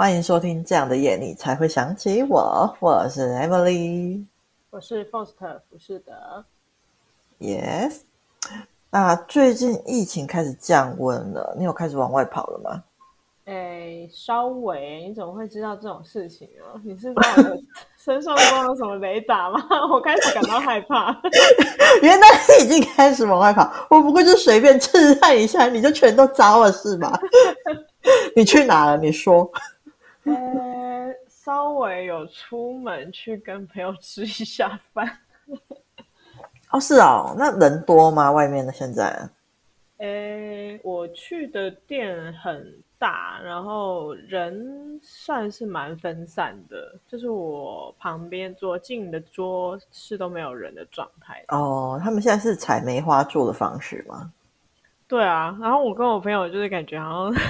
歡迎收聽《這樣的夜你才會想起我》，我是 Amery，我是 Faust，不是的。Yes，那、啊、最近疫情開始降溫了,你有開始往外跑了嗎？哎、欸，稍微。你怎麼會知道這種事情啊？你是在我身上裝有什麼雷達嗎？ 我開始感到害怕。 原來你已經開始往外跑，我不過就隨便試探一下，你就全都招了是吧 你去哪了？你說。欸、稍微有出門去跟朋友吃一下飯。 哦，是哦，那人多嗎？外面的現在？呃、欸，我去的店很大，然後人算是蠻分散的，就是我旁邊桌近的桌是都沒有人的狀態。哦，他們現在是採梅花坐的方式嗎？對啊，然後我跟我朋友就是感覺好像。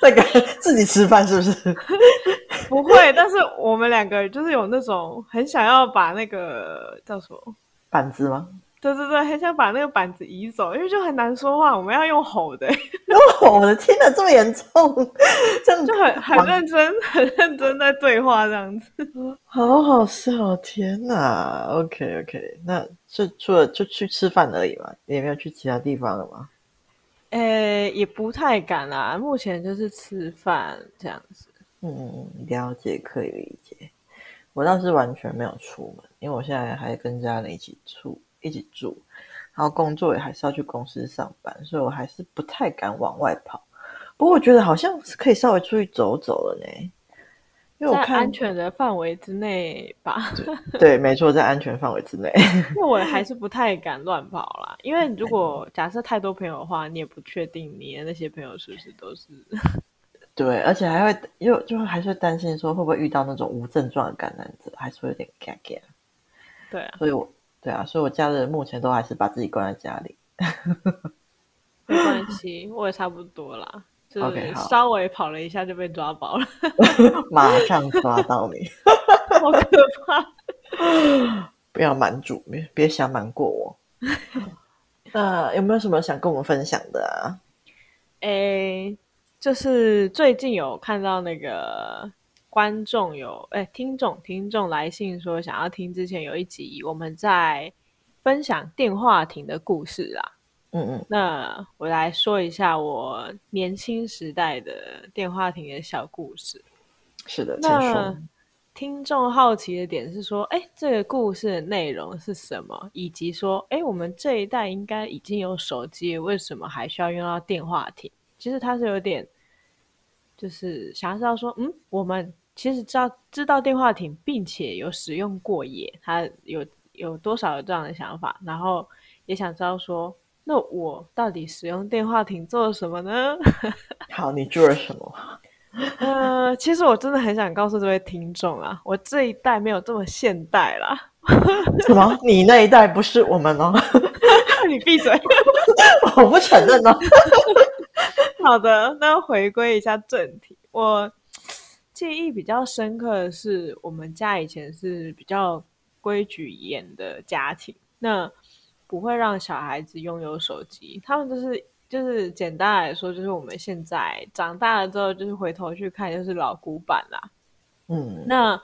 在 跟自己吃飯是不是？不會，但是我們兩個就是有那種很想要把那個叫什麼板子嗎？對對對，很想把那個板子移走，因為就很難說話，我們要用吼的。吼的。哦，我的天哪，這麼嚴重？這樣 就很很認真，玩很認真在對話，這樣子。好好笑，哦，天哪！OK OK，那就除了就去吃飯而已嘛，也沒有去其他地方了嗎？誒、欸，也不太敢啦、啊。目前就是吃飯這樣子。嗯，了解，可以理解。我倒是完全沒有出門，因為我現在還跟家人一起住，一起住，然後工作也還是要去公司上班，所以我還是不太敢往外跑。不過我覺得好像是可以稍微出去走走了呢。因為我看在安全的範圍之內吧。對，對 沒錯，在安全範圍之內。因為我還是不太敢亂跑啦， 因為如果假設太多朋友的話，你也不確定你的那些朋友是不是都是。對，而且還會又就會還是會擔心說會不會遇到那種無症狀的感染者，還是會有點尷尬、啊。對啊，所以我對啊，所以我家人目前都還是把自己關在家裡。 沒關係，我也差不多啦。 是 Okay, 好稍微跑了一下就被抓包了， 馬上抓到你， 好可怕！不要瞞住，別想瞞過我。 有沒有什麼想跟我們分享的啊？欸、就是最近有看到那個觀眾有哎、欸，聽眾聽眾來信說想要聽之前有一集我們在分享電話亭的故事啦。嗯嗯，那我來說一下我年輕時代的電話亭的小故事。是的，那聽眾好奇的點是說，哎，這個故事的內容是什麼？以及說，哎，我們這一代應該已經有手機，為什麼還需要用到電話亭？其實他是有點，就是想要知道說，嗯，我們其實知道知道電話亭，並且有使用過耶，他有有多少有這樣的想法？然後也想知道說。那我到底使用電話亭做了什麼呢？ 好，你做了什麼？呃，其實我真的很想告訴這位聽眾啊，我這一代沒有這麼現代啦， 什麼？你那一代不是我們哦？ 你閉嘴！ 我不承認哦。 好的，那回歸一下正題，我記憶比較深刻的是，我們家以前是比較規矩嚴的家庭。那不會讓小孩子擁有手機，他們就是就是簡單來說，就是我們現在長大了之後，就是回頭去看，就是老古板啦、啊。嗯，那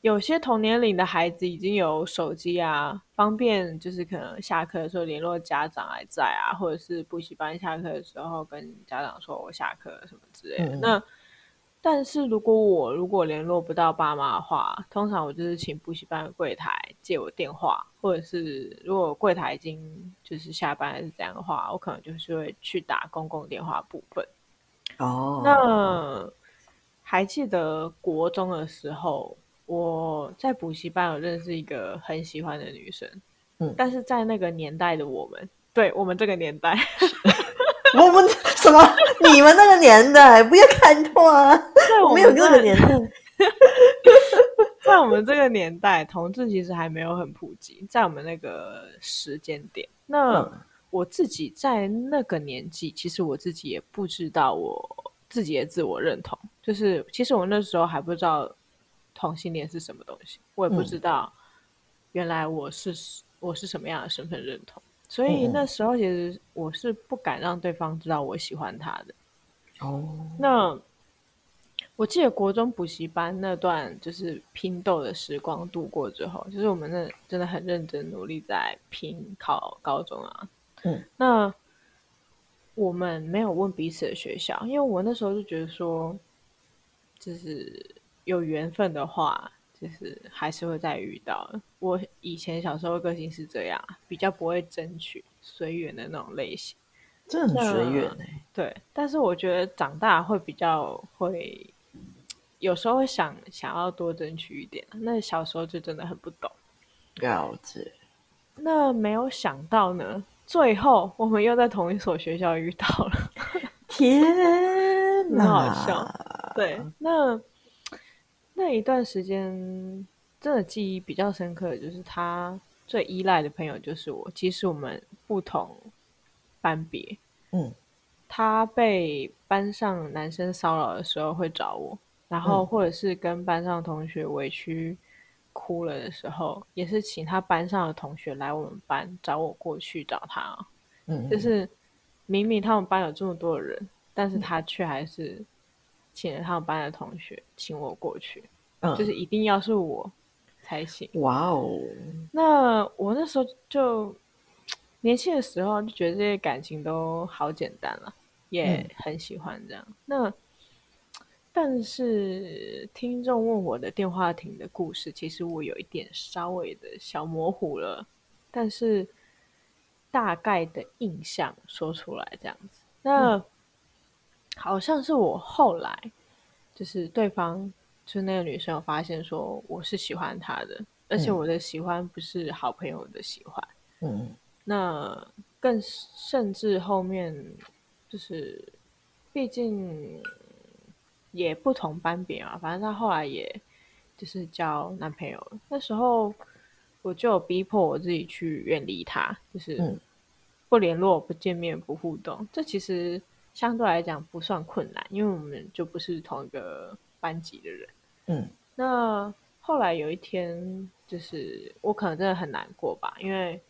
有些同年齡的孩子已經有手機啊，方便就是可能下課的時候聯絡家長來載啊，或者是補習班下課的時候跟家長說，我下課什麼之類的。嗯、那但是如果我如果聯絡不到爸媽的話，通常我就是請補習班的櫃檯借我電話，或者是如果櫃檯已經就是下班還是這樣的話，我可能就是會去打公共電話部分。哦，oh. 那還記得國中的時候，我在補習班有認識一個很喜歡的女生，嗯，但是在那個年代的我們，對，我們這個年代。 我們什麼？你們那個年代 不要看錯啊！在我們那 個年代， 在我們這個年代，同志其實還沒有很普及。在我們那個時間點，那、嗯、我自己在那個年紀，其實我自己也不知道我自己的自我認同，就是其實我那時候還不知道同性戀是什麼東西，我也不知道原來我是、嗯、我是什麼樣的身份認同。所以那時候其實我是不敢讓對方知道我喜歡他的。哦、嗯，那我記得國中補習班那段就是拼鬥的時光度過之後，就是我們那真的很認真努力在拼考高中啊。嗯，那我們沒有問彼此的學校，因為我那時候就覺得說，就是有緣分的話，就是還是會再遇到。我以前小時候的個性是這樣，比較不會爭取，隨緣的那種類型。這很隨緣。對，但是我覺得長大會比較會，有時候會想想要多爭取一點。那小時候就真的很不懂，幼稚。了解。那沒有想到呢，最後我們又在同一所學校遇到了。 天哪！那麼好笑。對，那那一段時間。真的記憶比較深刻的就是他最依賴的朋友就是我。即使我們不同班別，嗯，他被班上男生騷擾的時候會找我，然後或者是跟班上同學委屈哭了的時候，嗯，也是請他班上的同學來我們班找我過去找他哦。嗯，就是明明他們班有這麼多人，但是他卻還是請了他們班的同學請我過去。嗯，就是一定要是我。才行。哇哦 Wow！那我那時候就年輕的時候就覺得這些感情都好簡單了，嗯、也很喜歡這樣。那但是聽眾問我的電話亭的故事，其實我有一點稍微的小模糊了，但是大概的印象說出來這樣子。那、嗯、好像是我後來就是對方。就那個女生有發現說，我是喜歡他的，而且我的喜歡不是好朋友的喜歡。嗯，那更甚至後面就是，畢竟也不同班別嘛，反正她後來也就是交男朋友了。那時候我就逼迫我自己去遠離他，就是不聯絡、不見面、不互動。這其實相對來講不算困難，因為我們就不是同一個。班級的人，嗯，那後來有一天，就是我可能真的很難過吧，因為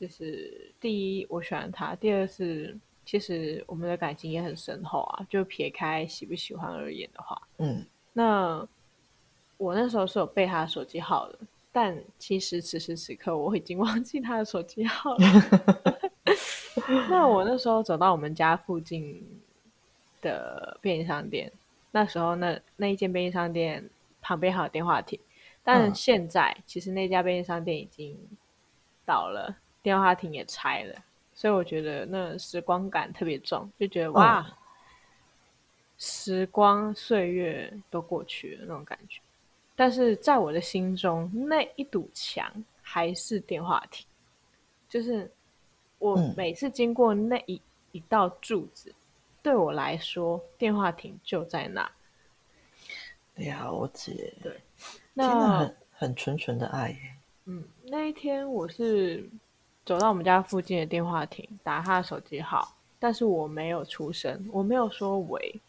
就是第一我喜歡他，第二是其實我們的感情也很深厚啊。就撇開喜不喜歡而言的話，嗯，那我那時候是有背他的手機號的，但其實此時此刻我已經忘記他的手機號了。 那我那時候走到我們家附近的便利商店。那時候那，那那一間便利商店旁邊還有電話亭，但是現在其實那家便利商店已經倒了，嗯、電話亭也拆了，所以我覺得那時光感特別重，就覺得哇，嗯、時光歲月都過去了那種感覺。但是在我的心中，那一堵牆還是電話亭，就是我每次經過那一、嗯、一道柱子。對我來說，電話亭就在那。了解。對，真的很很純純的愛耶。嗯，那一天我是走到我們家附近的電話亭，打他的手機號，但是我沒有出聲，我沒有說“喂”，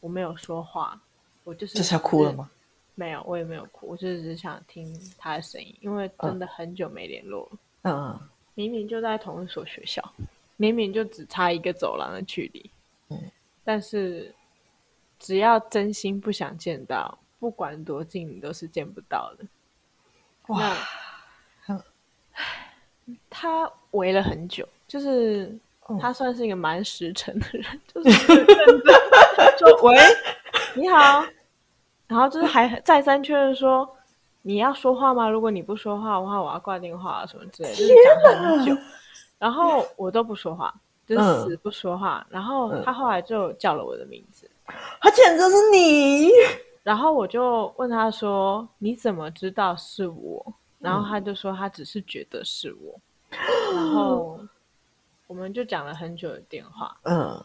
我沒有說話，我就是。這下哭了嗎？沒有，我也沒有哭，我就是只是想聽他的聲音，因為真的很久沒聯絡了。嗯，明明就在同一所學校，明明就只差一個走廊的距離。但是，只要真心不想見到，不管多近你都是見不到的。哇，那呵他圍了很久，就是、哦、他算是一個蠻實誠的人，就是，就是 就說 喂，你好，然後就是還再三確認說 你要說話嗎？如果你不說話的話，我要掛電話啊什麼之類的，就是講很久，哪然後我都不說話。就死不說話，嗯、然後他後來就叫了我的名字，他簡直是你。然後我就問他說：“你怎麼知道是我？”嗯、然後他就說：“他只是覺得是我。”然後我們就講了很久的電話。嗯，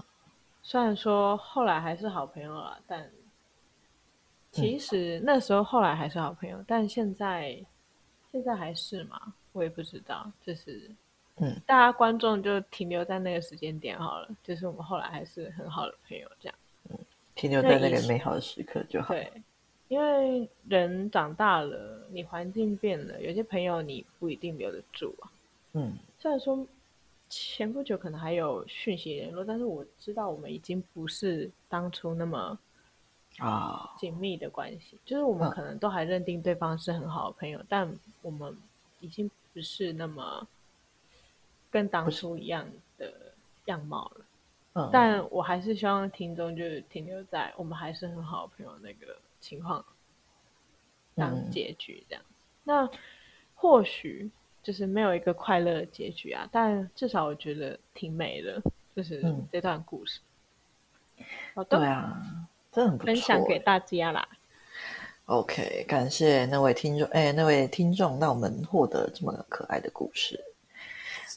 雖然說後來還是好朋友了，但其實那時候後來還是好朋友，但現在現在還是嗎？我也不知道，就是。嗯，大家觀眾就停留在那個時間點好了，就是我們後來還是很好的朋友這樣。停留在那個美好的時刻就好。嗯、好就好對，因為人長大了，你環境變了，有些朋友你不一定留得住啊。嗯，雖然說前不久可能還有訊息聯絡，但是我知道我們已經不是當初那麼啊緊密的關係。哦、就是我們可能都還認定對方是很好的朋友，嗯、但我們已經不是那麼。跟當初一樣的樣貌了，嗯、但我還是希望聽眾就停留在我們還是很好朋友那個情況，當結局這樣。嗯、那或許就是沒有一個快樂的結局啊，但至少我覺得挺美的，就是這段故事。嗯、好的，對啊，真的很、欸、分享給大家啦。OK，感謝那位聽眾，哎、欸，那位聽眾讓我們獲得這麼可愛的故事。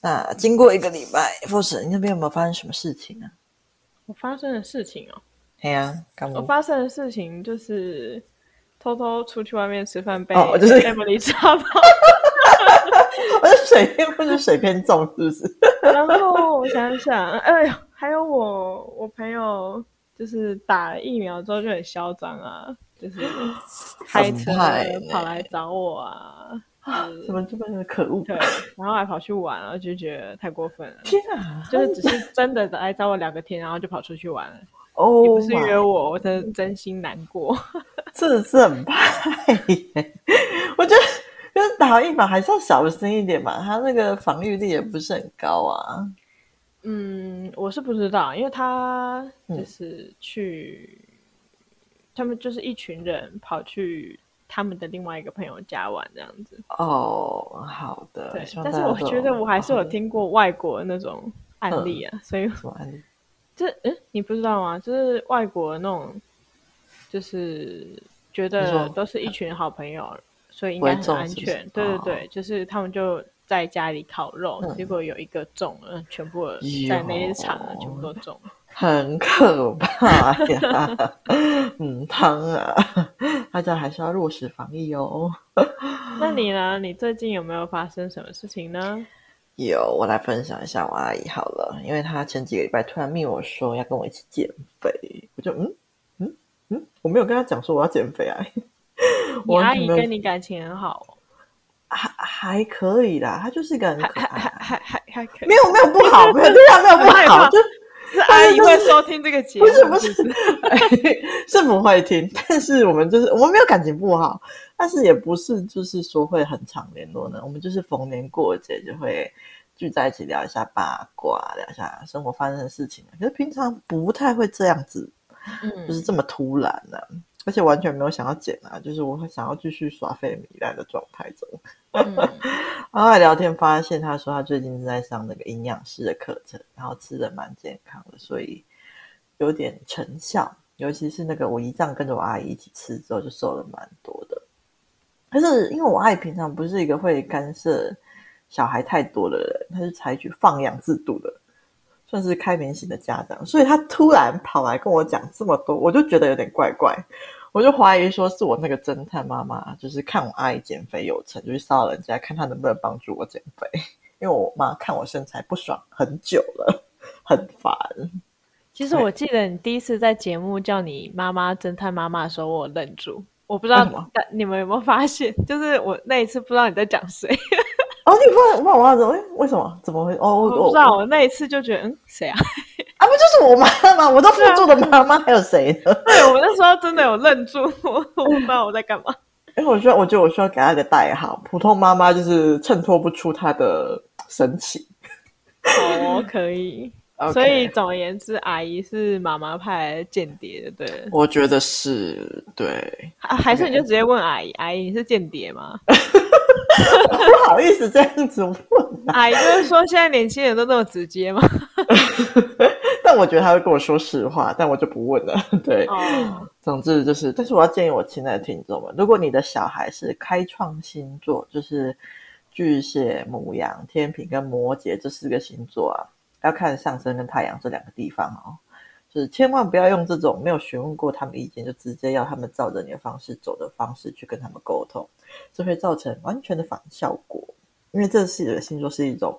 那、啊、經過一個禮拜，Faust、嗯，你那邊有沒有發生什麼事情啊？我發生的事情哦，對啊，我發生的事情就是偷偷出去外面吃飯被，我、哦、就是 Amery 抓包 我的水偏不是水片重，是不是？ 然後我想想，哎呦，還有我我朋友就是打了疫苗之後就很囂張啊，就是開車跑來找我啊。啊！怎、嗯、麼這麼可惡？對，然後還跑去玩，然後就覺得太過分了。 天啊！就是只是真的來找我聊個天，然後就跑出去玩了。哦， oh、my. 不是約我，我真真心難過，真 的是很怕。 我覺得、就是、打一把還是要小心一點吧。他那個防禦力也不是很高啊。嗯，我是不知道，因為他就是去，嗯、他們就是一群人跑去。他們的另外一個朋友家玩這樣子哦。oh, 好的，對，但是我覺得我還是有聽過外國那種案例啊，嗯、所以這嗯、欸，你不知道嗎？就是外國那種，就是覺得都是一群好朋友，錯所以應該很安全。對對對，哦、就是他們就在家裡烤肉，嗯、結果有一個中了，全部在那一場有全部都中。很可怕呀， 嗯，湯啊，大家還是要落實防疫哦。那你呢？你最近有沒有發生什麼事情呢？有，我來分享一下我阿姨好了，因為她前幾個禮拜突然密我說要跟我一起減肥，我就嗯嗯嗯，我沒有跟她講說我要減肥啊。你阿姨跟你感情很好？還還可以啦。她就是一個還還還，還，還可以，沒有沒有不好，沒有、就是、沒有不好，怕就。是阿姨會收聽這個節目，不是不是，哎、是不會聽。 但是我們就是我們沒有感情不好，但是也不是就是說會很常聯絡呢。我們就是逢年過節就會聚在一起聊一下八卦，聊一下生活發生的事情，可是平常不太會這樣子，就、嗯、是這麼突然呢、啊。而且完全沒有想要減啊，就是我會想要繼續耍廢糜爛的狀態中。 嗯、然後聊天發現，他說他最近正在上那個營養師的課程，然後吃的蠻健康的，所以有點成效。尤其是那個我姨丈跟着我阿姨一起吃之後，就瘦了蠻多的。可是因為我阿姨平常不是一個會干涉小孩太多的人，她是採取放養制度的。算是開明型的家長，所以他突然跑來跟我講這麼多，我就覺得有點怪怪，我就懷疑說是我那個偵探媽媽，就是看我阿姨減肥有成，就去騷擾人家，看她能不能幫助我減肥。因為我媽看我身材不爽很久了，很煩。其實我記得你第一次在節目叫你媽媽偵探媽媽的時候，我愣住，我不知道你們有沒有發現，就是我那一次不知道你在講誰。哦，你不知道我媽什麼？為什麼？怎麼會？哦，我，我，我不知道。我那一次就覺得，嗯，誰啊？啊，不就是我媽嗎？我都輔做的媽媽，啊、還有誰？對，我那時候真的有愣住，我不知道我在幹嘛。因、欸、我覺得，我覺得我需要給她一個代號，普通媽媽就是襯托不出她的神奇。哦，可以。 所以總而言之，阿姨是媽媽派來的間諜，對？我覺得是對還，還是你就直接問阿姨：“阿姨，你是間諜嗎？” 不好意思，這樣子問、啊。哎、啊，就是說，現在年輕人都那麼直接嗎？ 但我覺得他會跟我說實話，但我就不問了。對，哦、總之就是，但是我要建議我親愛的聽眾們：如果你的小孩是開創星座，就是巨蟹、牡羊、天秤跟摩羯這四個星座啊，要看上升跟太陽這兩個地方哦。就是千萬不要用這種沒有詢問過他們意見，就直接要他們照着你的方式走的方式去跟他們溝通，這會造成完全的反效果。因為這四個星座是一種，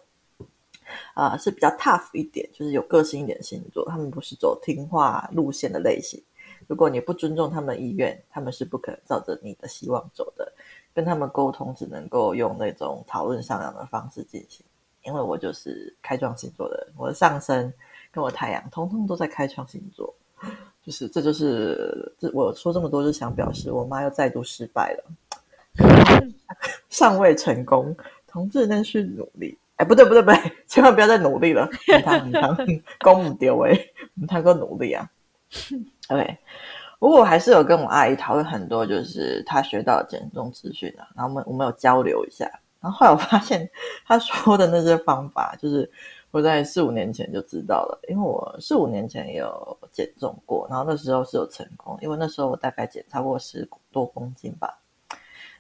啊、呃、是比較 tough 一點，就是有個性一點的星座，他們不是走聽話路線的類型。如果你不尊重他們意願，他們是不可能照着你的希望走的。跟他們溝通只能夠用那種討論商量的方式進行。因為我就是開創星座的人，我的上升。跟我太陽，通通都在開創星座，就是這就是這我說這麼多，就想表示我媽又再度失敗了，尚 未成功，同志，那去努力。哎，不對不對不對，千萬不要再努力了，母湯母湯，公母丟哎，太過 努力啊。OK，不過還是有跟我阿姨討論很多，就是她學到減重資訊的，啊，然後我們我們有交流一下，然後後來我發現她說的那些方法，就是。我在四五年前就知道了，因為我四五年前也有減重過，然後那時候是有成功，因為那時候我大概減超過十多公斤吧。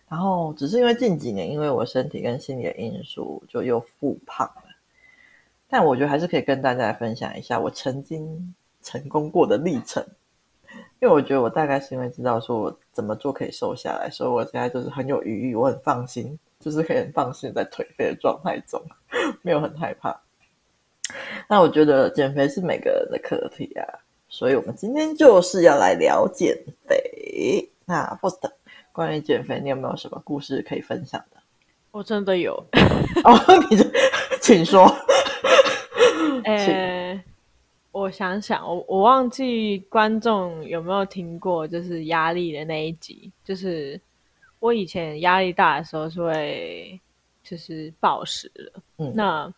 然後只是因為近幾年，因為我身體跟心理的因素，就又復胖了。但我覺得還是可以跟大家來分享一下我曾經成功過的歷程，因為我覺得我大概是因為知道說我怎麼做可以瘦下來，所以我現在就是很有餘裕，我很放心，就是可以很放心在頹廢的狀態中，沒有很害怕。那我覺得減肥是每個人的課題啊，所以我們今天就是要來聊減肥。那 p o s t e r 關於減肥，你有沒有什麼故事可以分享的？我真的有 哦，你請說。欸、是我想想，我我忘記觀眾有沒有聽過，就是壓力的那一集，就是我以前壓力大的時候是會就是暴食了，嗯，那。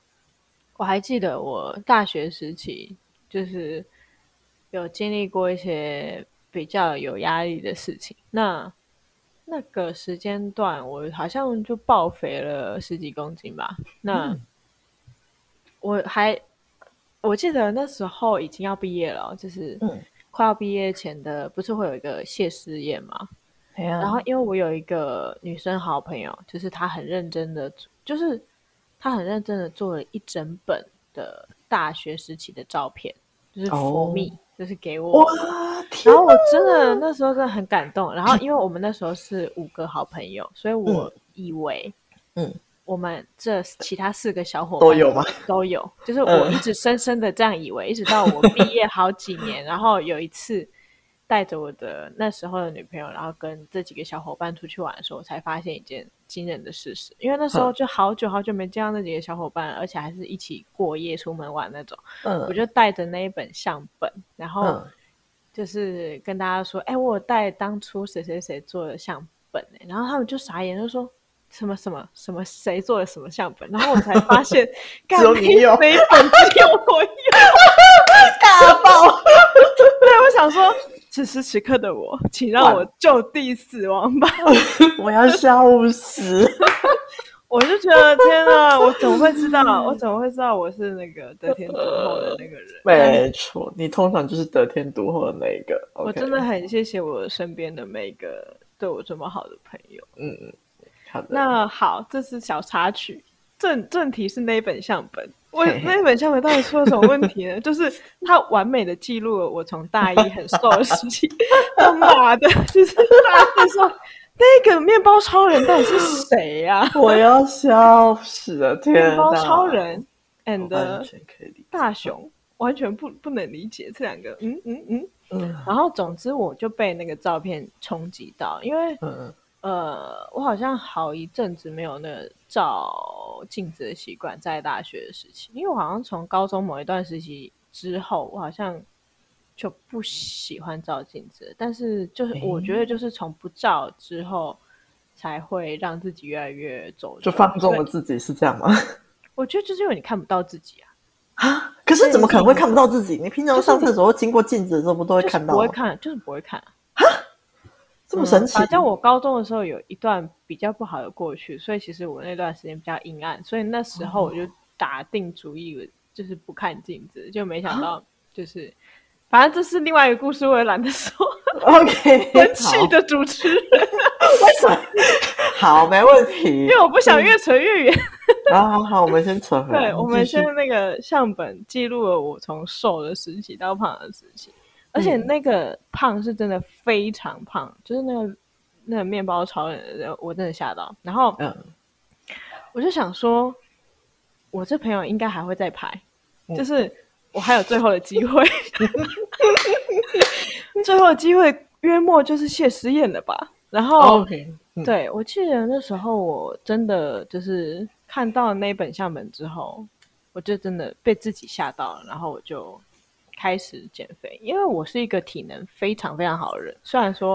我還記得我大學時期，就是有經歷過一些比較有壓力的事情。那那個時間段，我好像就爆肥了十幾公斤吧。那、嗯、我還我記得那時候已經要畢業了，就是快要畢業前的，不是會有一個謝師宴嗎？嗯、然後因為我有一個女生好,好朋友，就是她很認真的，就是。他很認真的做了一整本的大學時期的照片，就是 for me，就是給我。啊、然後我真的那時候真的很感動。 然後因為我們那時候是五個好朋友，所以我以為，嗯，我們這其他四個小夥伴都有嗎？都有。就是我一直深深的這樣以為，嗯、一直到我畢業好幾年， 然後有一次帶着我的那時候的女朋友，然後跟這幾個小夥伴出去玩的時候，我才發現一件。驚人的事實，因為那時候就好久好久沒見到那幾個小伙伴，嗯、而且還是一起過夜出門玩那種。嗯、我就帶着那一本相本，然後就是跟大家說：“哎、嗯欸，我帶當初誰誰誰做的相本、欸、然後他們就傻眼，就說：“什麼什麼什麼，什麼誰做的什麼相本？”然後我才發現，剛 幹只有你有，那一本只有我有，嘎爆！對，我想說。此時此刻的我，請讓我就地死亡吧！完 我要笑死！我就覺得天哪，我怎麼會知道？ 我怎麼會知道我是那個得天獨厚的那個人？呃，沒錯，你通常就是得天獨厚的那一個。我真的很謝謝我身邊的每一個對我這麼好的朋友。嗯嗯，那好，這是小插曲。正正題是那一本相本，我嘿嘿那本相本到底出了什麼問題呢？ 就是它完美的記錄了我從大一很瘦的時期，媽 的，就是大一說 那個麵包超人到底是誰呀？啊？我要笑死了！天哪，面 包超人 and 大雄完全不不能理解這兩個，嗯嗯嗯，然後總之，我就被那個照片衝擊到，因為、嗯呃，我好像好一陣子沒有那個照鏡子的習慣，在大學的時期，因為我好像從高中某一段時期之後，我好像就不喜歡照鏡子。但是，就是我覺得，就是從不照之後，才會讓自己越來越走，就放縱了自己，是這樣嗎？我覺得就是因為你看不到自己啊！啊，可是怎麼可能會看不到自己？你平常上廁所經過鏡子的時候，不都會看到？不會看，就是不會看啊。這麼神奇！嗯、反正在我高中的時候有一段比較不好的過去，所以其實我那段時間比較陰暗，所以那時候我就打定主意、嗯、就是不看鏡子，就沒想到就是，蛤反正這是另外一個故事，我也懶得說。OK，文氣的主持人，為什麼？ 好，沒問題。因為我不想越扯越遠、嗯。啊，好，好，我們先扯回來。 對，我們先那個相本記錄了我從瘦的時期到胖的時期。而且那個胖是真的非常胖，就是那個那個麵包超人，我真的嚇到。然後，嗯、我就想說，我這朋友應該還會再拍，嗯、就是我還有最後的機會， 最後機會約莫就是謝師宴了吧。然後、Oh, okay. 嗯、對我記得那時候我真的就是看到那本相本之後，我就真的被自己嚇到了，然後我就。開始減肥，因為我是一個體能非常非常好的人。雖然說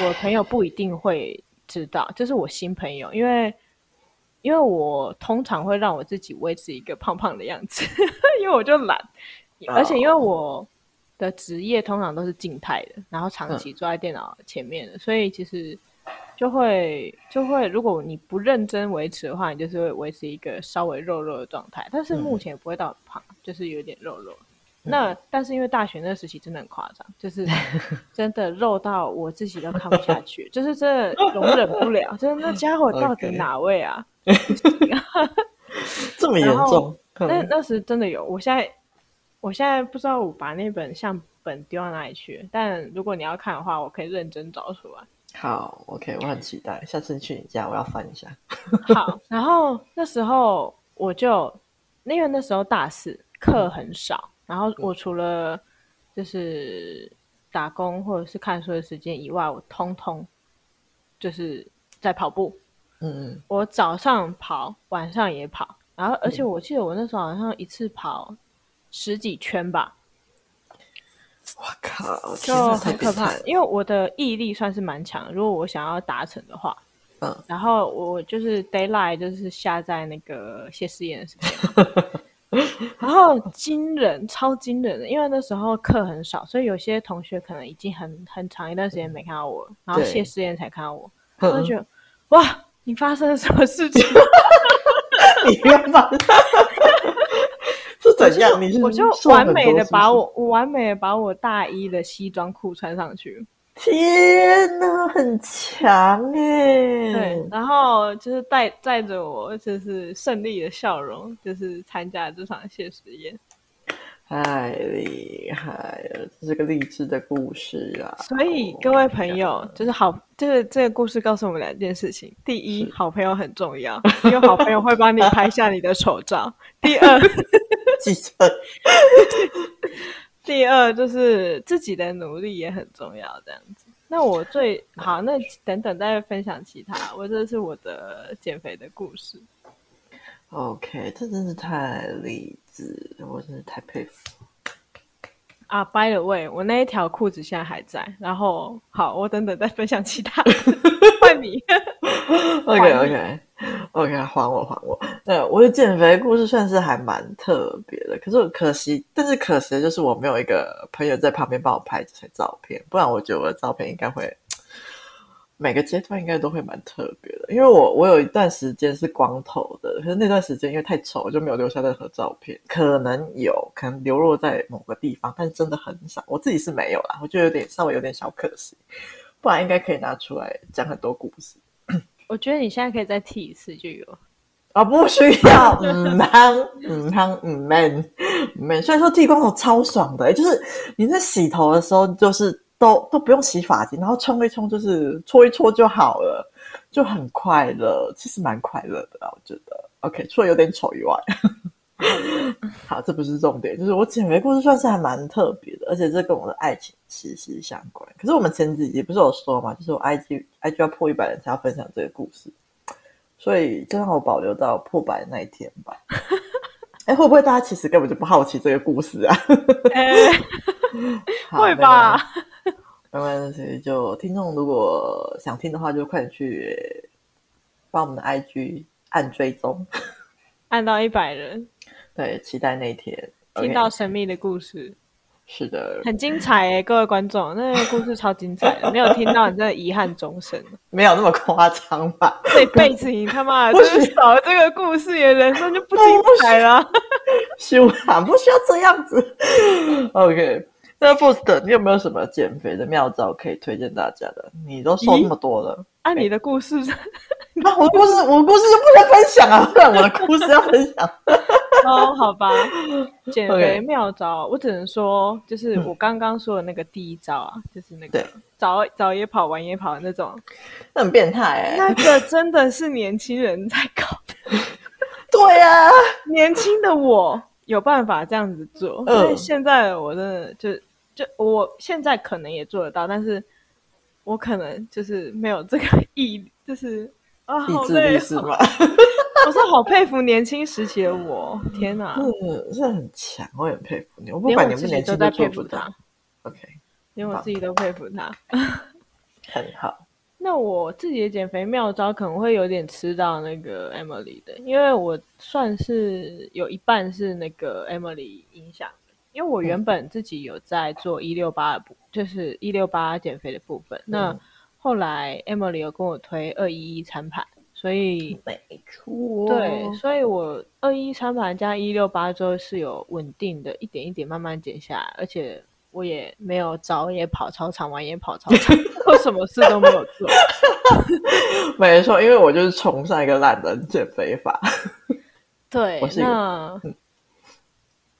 我朋友不一定會知道， 這是我新朋友，因為因為我通常會讓我自己維持一個胖胖的樣子， 因為我就懶，而且因為我的職業通常都是靜態的，然後長期坐在電腦前面的，嗯、所以其實就會就會，如果你不認真維持的話，你就是會維持一個稍微肉肉的狀態。但是目前不會到胖，嗯、就是有點肉肉。那但是因為大學那時期真的很誇張，就是真的肉到我自己都看不下去， 就是真的容忍不了， 就是那家伙到底哪位啊？Okay. 這麼嚴重？ 那那時真的有，我現在我現在不知道我把那本相本丟到哪裡去，但如果你要看的話，我可以認真找出來。好，OK，我很期待下次去你家，我要翻一下。 好，然後那時候我就那因為那時候大四課很少。 然後我除了就是打工或者是看書的時間以外，我通通就是在跑步。嗯，嗯我早上跑，晚上也跑。然後，而且我記得我那時候好像一次跑十幾圈吧。我靠，嗯，就很可怕。因為我的毅力算是蠻強，如果我想要達成的話，嗯。然後我就是 Daylight，就是下在那個謝師宴的時候。 然後驚人，超驚人的！因為那時候課很少，所以有些同學可能已經很很長一段時間沒看到我，然後謝師宴才看到我，他對就覺得：「嗯、哇，你發生了什麼事情？ 你不要發生， 是怎樣？是是是是我就完美的把我，我完美的把我大衣的西裝褲穿上去。天哪，很強哎！對，然後就是帶帶着我，就是勝利的笑容，就是參加這場謝師宴。太厲害了，這是個勵志的故事啊！所以各位朋友，就是好，就是這個故事告訴我們兩件事情：第一，是好朋友很重要，因為好朋友會幫你拍下你的醜照； 第二，記者算 第二就是自己的努力也很重要，這樣子。那我最好那等等再分享其他。我這是我的減肥的故事。OK，這真是太勵志，我真的太佩服。uh，by the way，我那一條褲子現在還在。然後好，我等等再分享其他。 換你 ，OK OK OK，還我還我。Uh, 我的減肥故事算是還蠻特別的，可是可惜，但是可惜的就是我沒有一個朋友在旁邊幫我拍這些照片，不然我覺得我的照片應該會每個階段應該都會蠻特別的。因為我我有一段時間是光頭的，可是那段時間因為太醜，我就沒有留下任何照片。可能有可能流落在某個地方，但真的很少。我自己是沒有啦，我覺得有點稍微有點小可惜。不然應該可以拿出來講很多故事。我覺得你現在可以再剃一次就有啊，不需要。 嗯，湯，嗯，嗯。嗯，man，man。所以說剃光頭超爽的，就是你在洗頭的時候，就是都都不用洗髮精，然後沖一沖就是搓一搓就好了，就很快樂，其實蠻快樂的啊，我覺得。OK，除了有點醜以外， 好，這不是重點，就是我減肥故事算是還蠻特別。而且這跟我的愛情息息相關。可是我們前幾集不是有說嘛，就是我 IG IG 要破一百人才要分享這個故事，所以就讓我保留到破百那一天吧。哎、 欸，會不會大家其實根本就不好奇這個故事啊？ 欸、好會吧？沒關係，沒關係，所以就聽眾如果想聽的話，就快點去把我們的 IG 按追蹤，按到一百人。對，期待那一天聽到神秘的故事。Okay. 是的，很精彩誒，各位觀眾，那個故事超精彩的， 沒有聽到你，真的遺憾終生。沒有那麼誇張吧？這輩子你他媽的就是少了這個故事，人生就不精彩了，是嗎？ 不需要這樣子。OK，那 Faust 你有沒有什麼減肥的妙招可以推薦大家的？你都瘦那麼多了，按、啊、你的故事是是。 那、 啊、我的故事，我的故事就不能分享啊！不然 我的故事要分享。哦 ，oh, 好吧。減肥妙招，Okay. 我只能說，就是我剛剛說的那個第一招啊，嗯、就是那個對早早也跑，晚也跑的那種，那 很變態哎、欸。那個真的是年輕人在搞的。 對啊，年輕的我有辦法這樣子做，但、嗯、現在我真的就就我現在可能也做得到，但是我可能就是沒有這個意義，就是。啊好累是吧，啊哦、 我是好佩服年輕時期的我， 天哪、啊嗯，是很強，我也很佩服你，我不管你們年輕都在佩服他，OK，連我自己都佩服他，好 很好。那我自己的減肥妙招可能會有點吃到那個 Amery 的，因為我算是有一半是那個 Amery 影響的，因為我原本自己有在做一六八，嗯、就是一六八減肥的部分，那。後來 Emily 有跟我推二一一餐盤，所以沒錯、哦，對，所以我二一一餐盤加一六八之後是有穩定的，一點一點慢慢減下來，而且我也沒有早也跑操場，晚 也跑操場，我什麼事都沒有做， 沒錯，因為我就是崇尚一個懶人減肥法， 對，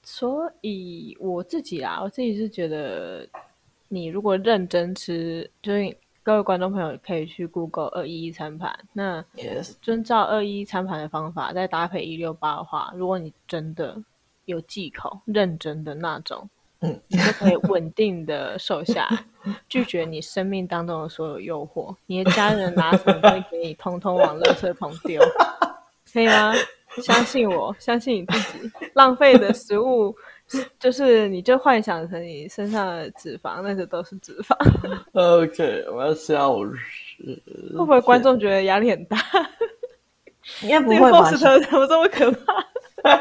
所以我自己啊，我自己是覺得你如果認真吃，就是。各位觀眾朋友可以去 Google 二一一餐盤，那遵照二一一餐盤的方法，再搭配一六八的話，如果你真的有忌口、認真的那種，嗯，你就可以穩定的瘦下來， 拒絕你生命當中的所有誘惑，你的家人拿什麼東西給你，統統往垃圾桶丟， 可以嗎、啊？相信我，相信你自己，浪費的食物。就是你就幻想成你身上的脂肪，那些、個、都是脂肪。 OK，我要笑死。會不會觀眾覺得壓力很大？ 你該不會，Boss 怎麼這麼可怕？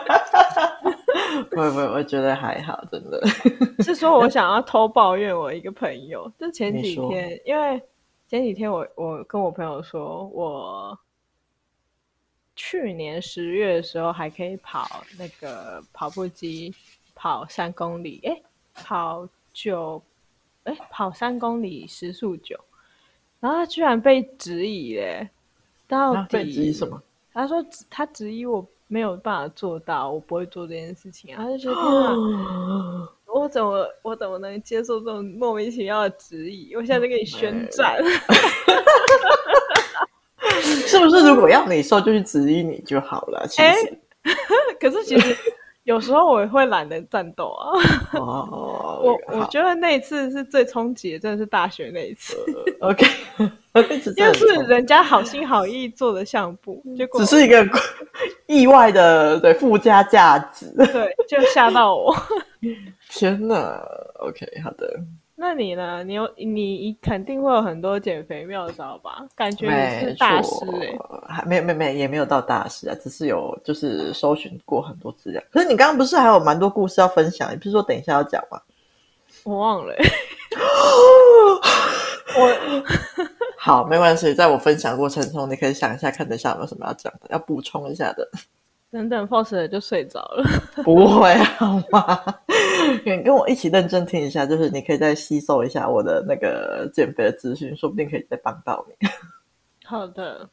會不不，我覺得還好，真的 是說，我想要偷抱怨我一個朋友，就前幾天，說因為前幾天我我跟我朋友說我去年十月的時候還可以跑那個跑步機。跑三公里，哎，跑九，哎，跑三公里時速九，然後他居然被質疑嘞，到底什麼？他說他質疑我沒有辦法做到，我不會做這件事情啊！他就覺得天哪，哦、我怎麼我怎麼能接受這種莫名其妙的質疑？我現在就跟你宣戰，是不是？如果要你瘦，就去質疑你就好了。其實，可是其實。 有時候我也會懶得戰鬥啊。Oh, okay, 我好我覺得那一次是最衝擊的，真的是大學那一次。Uh, OK，就 是人家好心好意做的相簿， 結果只是一個 意外的，對，附加價值。對，對就嚇到我。 天吶。OK，好的。那你呢？你有你肯定會有很多減肥妙招吧？感覺你是大師、欸、還沒有沒有，也沒有到大師啊，只是有就是搜尋過很多資料。可是你剛剛不是還有蠻多故事要分享，你不是說等一下要講嗎？我忘了、欸， 我 好，沒關係，在我分享過程中，你可以想一下，看等一下有沒有什麼要講的，要補充一下的。等等放 Faust 了就睡着了， 不會好、啊、嗎？ 跟我一起認真聽一下，就是你可以再吸收一下我的那個減肥的資訊，說不定可以再幫到你。 好的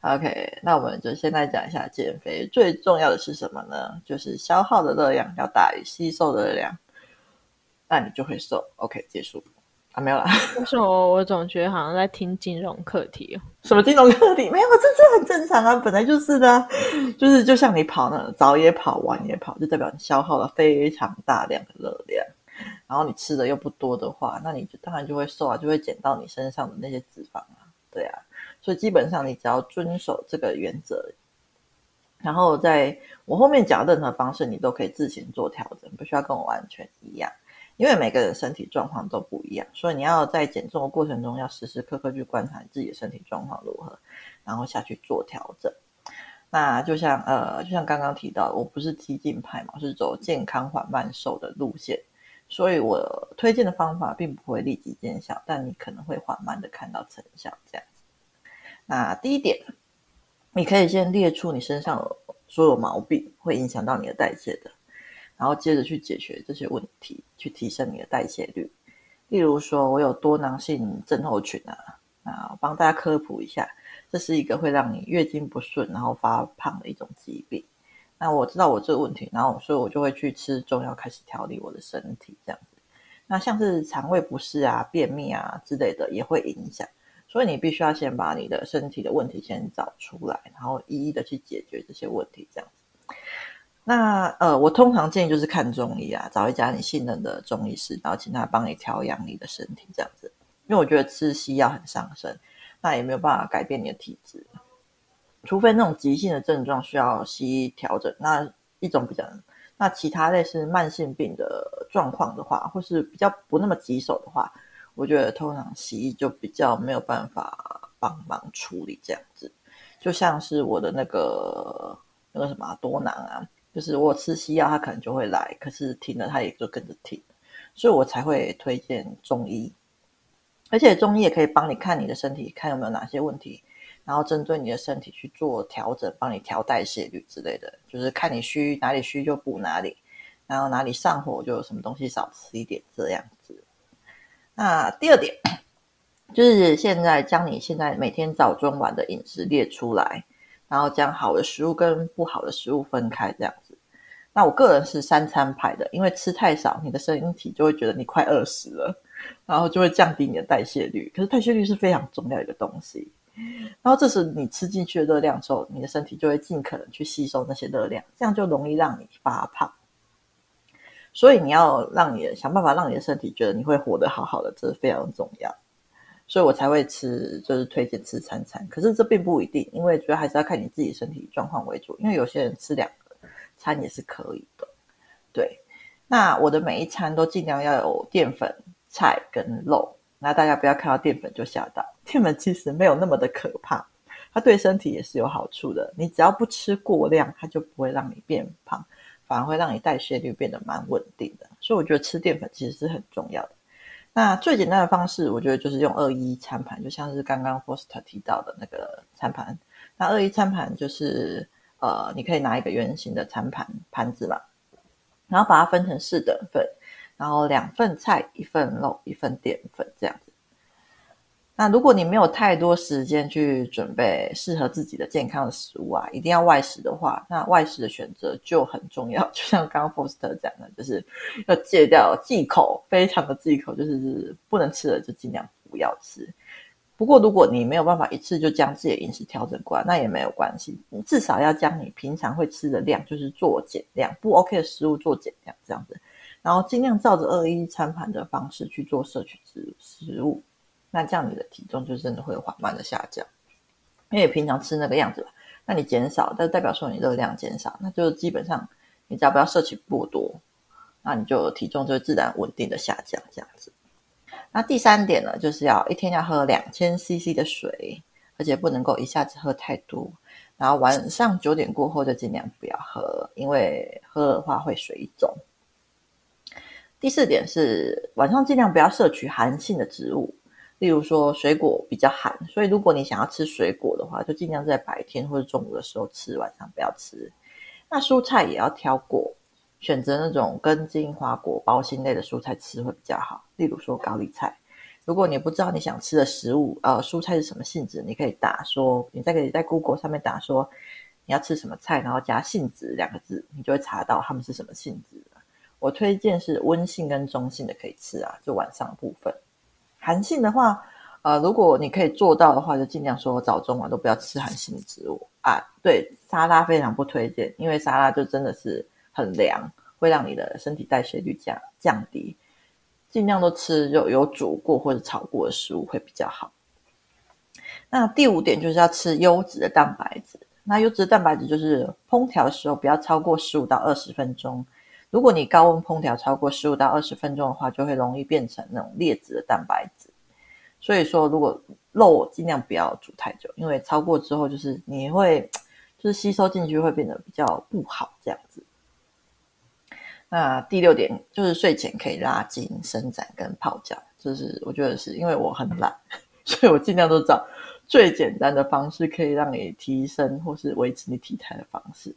，OK，那我們就現在講一下減肥最重要的是什麼呢？就是消耗的熱量要大於吸收的熱量，那你就會瘦。OK，結束。啊，沒有啦，為什麼我我總覺得好像在聽金融課題哦。什麼金融課題？沒有，這這很正常啊，本來就是的。就是就像你跑呢，早也跑，晚也跑，就代表你消耗了非常大量的熱量，然後你吃的又不多的話，那你就當然就會瘦啊，就會減到你身上的那些脂肪啊。對啊，所以基本上你只要遵守這個原則，然後在我後面講任何方式，你都可以自行做調整，不需要跟我完全一樣。因為每個人身體狀況都不一樣，所以你要在減重的過程中，要時時刻刻去觀察自己的身體狀況如何，然後下去做調整。那就像呃，就像剛剛提到，我不是激進派嘛，是走健康緩慢瘦的路線，所以我推薦的方法並不會立即見效，但你可能會緩慢的看到成效。這樣子。那第一點，你可以先列出你身上有所有毛病，會影響到你的代謝的。然後接着去解決這些問題，去提升你的代謝率。例如說，我有多囊性症候群啊，那我幫大家科普一下，這是一個會讓你月經不順，然後發胖的一種疾病。那我知道我這個問題，然後所以我就會去吃中藥開始調理我的身體，這樣子。那像是腸胃不適啊、便秘啊之類的也會影響，所以你必須要先把你的身體的問題先找出來，然後一一的去解決這些問題，這樣子。那呃，我通常建議就是看中醫啊，找一家你信任的中醫師，然後請他幫你調養你的身體這樣子。因為我覺得吃西藥很傷身，那也沒有辦法改變你的體質，除非那種急性的症狀需要西醫調整，那一種比較，那其他類似慢性病的狀況的話，或是比較不那麼棘手的話，我覺得通常西醫就比較沒有辦法幫忙處理這樣子。就像是我的那個那個什麼啊，多囊啊。就是我吃西藥，他可能就會來；可是停了，他也就跟着停。所以我才會推薦中醫，而且中醫也可以幫你看你的身體，看有沒有哪些問題，然後針對你的身體去做調整，幫你調代謝率之類的。就是看你虛哪裡虛就補哪裡，然後哪裡上火就有什麼東西少吃一點這樣子。那第二點，就是現在將你現在每天早中晚的飲食列出來，然後將好的食物跟不好的食物分開，這樣子。那我個人是三餐派的，因為吃太少，你的身體就會覺得你快餓死了，然後就會降低你的代謝率。可是代謝率是非常重要的一個東西，然後這時你吃進去的熱量之後，你的身體就會盡可能去吸收那些熱量，這樣就容易讓你發胖。所以你要讓你想辦法讓你的身體覺得你會活得好好的，這是非常重要。所以我才會吃，就是推薦吃餐餐。可是這並不一定，因為主要還是要看你自己身體狀況為主。因為有些人吃兩。餐也是可以的，對。那我的每一餐都盡量要有澱粉、菜跟肉。那大家不要看到澱粉就嚇到，澱粉其實沒有那麼的可怕，它對身體也是有好處的。你只要不吃過量，它就不會讓你變胖，反而會讓你代謝率變得蠻穩定的。所以我覺得吃澱粉其實是很重要的。那最簡單的方式，我覺得就是用二一餐盤，就像是剛剛 Faust 提到的那個餐盤。那二一餐盤就是。呃，你可以拿一個圓形的餐盤盤子嘛，然後把它分成四等份，然後兩份菜，一份肉，一份澱粉這樣子。那如果你沒有太多時間去準備適合自己的健康的食物啊，一定要外食的話，那外食的選擇就很重要。就像剛剛 Faust 講的，就是要戒掉忌口，非常的忌口，就是不能吃的就盡量不要吃。不過，如果你沒有辦法一次就將自己的飲食調整過來，那也沒有關係。你至少要將你平常會吃的量，就是做減量，不 OK 的食物做減量，這樣子，然後盡量照着二一餐盤的方式去做攝取食食物。那這樣你的體重就真的會緩慢的下降，因為平常吃那個樣子吧，那你減少，但代表說你熱量減少，那就基本上你只要不要攝取過多，那你就體重就會自然穩定的下降，這樣子。那第三點呢，就是要一天要喝兩千 CC 的水，而且不能夠一下子喝太多。然後晚上九點過後就儘量不要喝，因為喝的話會水腫。第四點是晚上儘量不要攝取寒性的植物，例如說水果比較寒，所以如果你想要吃水果的話，就儘量在白天或者中午的時候吃，晚上不要吃。那蔬菜也要挑過。選擇那種根莖、花果、包心類的蔬菜吃會比較好，例如說高麗菜。如果你不知道你想吃的食物呃蔬菜是什麼性質，你可以打說，你再可以在 Google 上面打說你要吃什麼菜，然後加性質兩個字，你就會查到它們是什麼性質。我推薦是溫性跟中性的可以吃啊，就晚上的部分。寒性的話，呃，如果你可以做到的話，就盡量說我早中晚都不要吃寒性的植物啊。對沙拉非常不推薦，因為沙拉就真的是。很涼，會讓你的身體代謝率降降低。儘量都吃有有煮過或者炒過的食物會比較好。那第五點就是要吃優質的蛋白質。那優質的蛋白質就是烹調的時候不要超過十五到二十分鐘。如果你高溫烹調超過十五到二十分鐘的話，就會容易變成那種劣質的蛋白質。所以說，如果肉，儘量不要煮太久，因為超過之後就是你會，就是吸收進去會變得比較不好這樣子。那第六點就是睡前可以拉筋、伸展跟泡腳，就是我覺得是因為我很懶，所以我盡量都找最簡單的方式，可以讓你提升或是維持你體態的方式。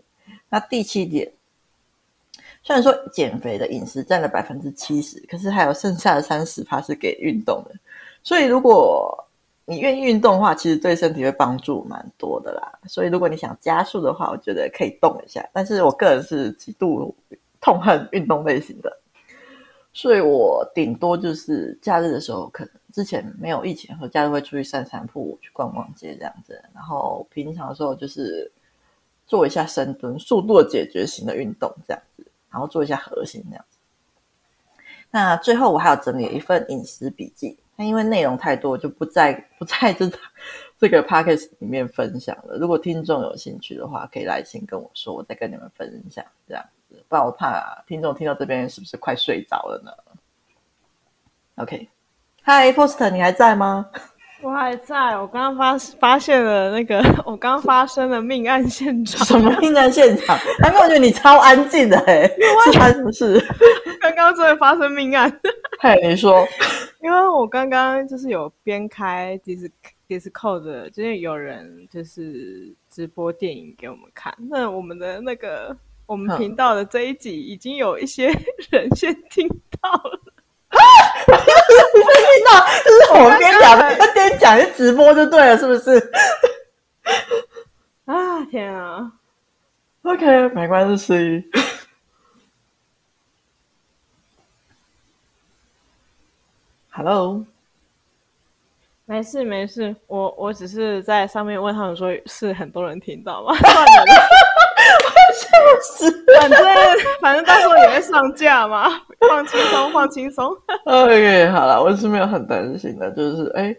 那第七點，雖然說，減肥的飲食佔了百分之七十，可是還有剩下的三十趴是給運動的，所以如果你願意運動的話，其實對身體會幫助蠻多的啦。所以如果你想加速的話，我覺得可以動一下，但是我個人是極度痛恨運動類型的，所以我頂多就是假日的時候，可能之前沒有疫情和假日會出去散散步，去逛逛街這樣子。然後平常的時候就是做一下深蹲，速度的解決型的運動這樣子，然後做一下核心這樣子。那最後我還有整理一份飲食筆記，因為內容太多，就不在不在這這個 podcast 裡面分享了。如果聽眾有興趣的話，可以來信跟我說，我再跟你們分享這樣。不好我怕聽眾聽到這邊是不是快睡着了呢？OK，Hi、okay. Faust 你還在嗎？我還在。我剛剛發發現了那個，我剛發生了命案現場。什麼命案現場？ 還剛我覺得你超安靜的，哎，是發是什麼 剛剛真的發生命案。他 也沒說，因為我剛剛就是有邊開 Disc Discord 的，就是有人就是直播電影給我們看。那我們的那個。我們頻道的這一集已經有一些人先聽到了，沒有哈 到， 我們邊講邊邊講就直播就對了，是不是？啊，天啊！OK，沒關係。 Hello，沒事沒事，我我只是在上面問他們說，是很多人聽到嗎？ 就是，反正反正到時候也會上架嘛，放輕鬆，放輕鬆。 OK，好了，我是沒有很擔心的，就是哎、欸，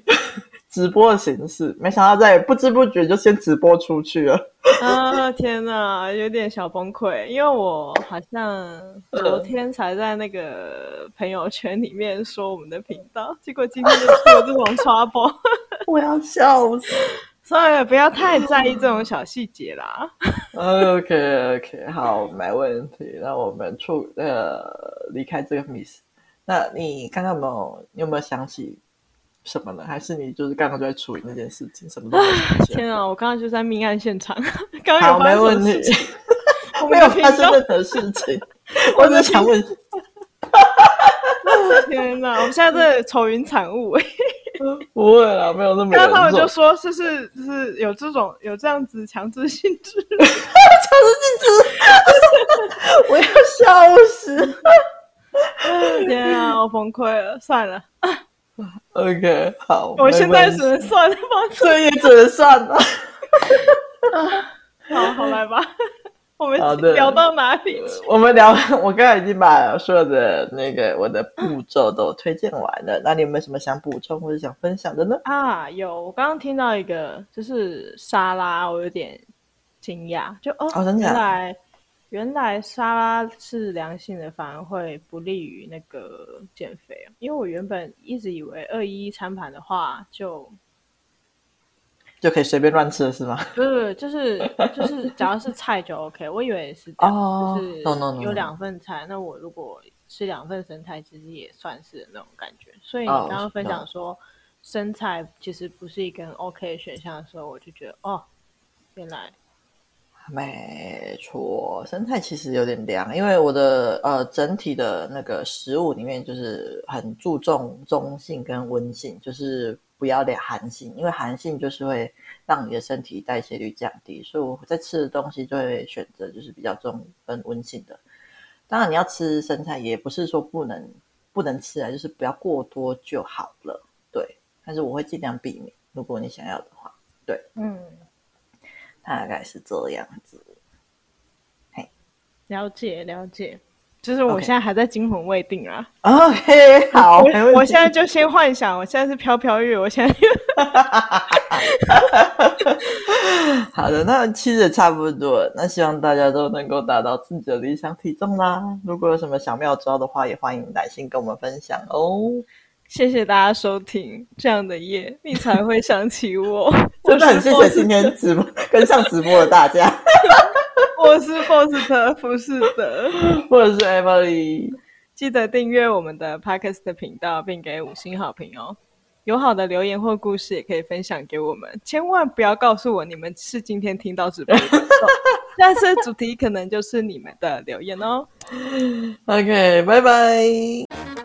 直播的形式，沒想到在不知不覺就先直播出去了。啊、呃、天哪，有點小崩潰，因為我好像昨天才在那個朋友圈裡面說我們的頻道，嗯、結果今天就出了這種刷播，我要笑死了。所以不要太在意這種小細節啦。 OK OK，好，沒問題。那我們出呃離開這個 miss，那你剛剛有沒有你有沒有想起什麼呢？還是你就是剛剛就在處理那件事情？什麼都沒想起的？ 天啊！我剛剛就在命案現場，剛剛有沒有沒問題 我沒有發生任何事情， 我只是想問 天、啊。天哪！我們現在在愁雲慘霧、欸。不會啦，沒有那麼。然後他們就說：“是是，就是有這種有這樣子強制性質，強 制性質， 我要笑死！天啊，我崩潰了，算了。” OK，好，我現在只能算了，反正這也只能算了。 好好來吧。我們聊到哪裡？我們聊，我剛才已經把所有的那個我的步驟都推薦完了。那你有沒有什麼想補充或者想分享的呢？啊，有，我剛剛聽到一個，就是沙拉，我有點驚訝，就哦，原來、哦、原來沙拉是良性的，反而會不利於那個減肥。因為我原本一直以為二一一餐盤的話就。就可以隨便亂吃了是嗎？不是，就是就是，只要是菜就 OK。 我以為是哦，oh, 就是有兩份菜。No no no. 那我如果吃兩份生菜，其實也算是那種感覺。所以你剛剛分享說，oh, no. 生菜其實不是一個很 OK 的選項的時候，我就覺得哦，原來沒錯，生菜其實有點涼，因為我的呃整體的那個食物裡面就是很注重中性跟溫性，就是。不要涼寒性，因為寒性就是會讓你的身體代謝率降低，所以我在吃的東西就會選擇就是比較中分溫性的。當然你要吃生菜也不是說不能不能吃啊，就是不要過多就好了。對，但是我會盡量避免。如果你想要的話，對，嗯，大概是這樣子。嘿，了解了解。了解就是我現在還在驚魂未定啊！OK，好我，我現在就先幻想，我現在是飄飄欲，我現在。 好的，那其實也差不多。那希望大家都能夠達到自己的理想體重啦、啊。如果有什麼小妙招的話，也歡迎來信跟我們分享哦。謝謝大家收聽。這樣的夜，你才會想起我。 真的很謝謝今天直播跟上直播的大家。 我是 Faust，不是的。我是 Amery，記得訂閱我們的 podcast 頻道，並給五星好評哦。有好的留言或故事，也可以分享給我們。千萬不要告訴我你們是今天聽到直播的，但是、 so, 下次主題可能就是你們的留言哦。OK，拜拜。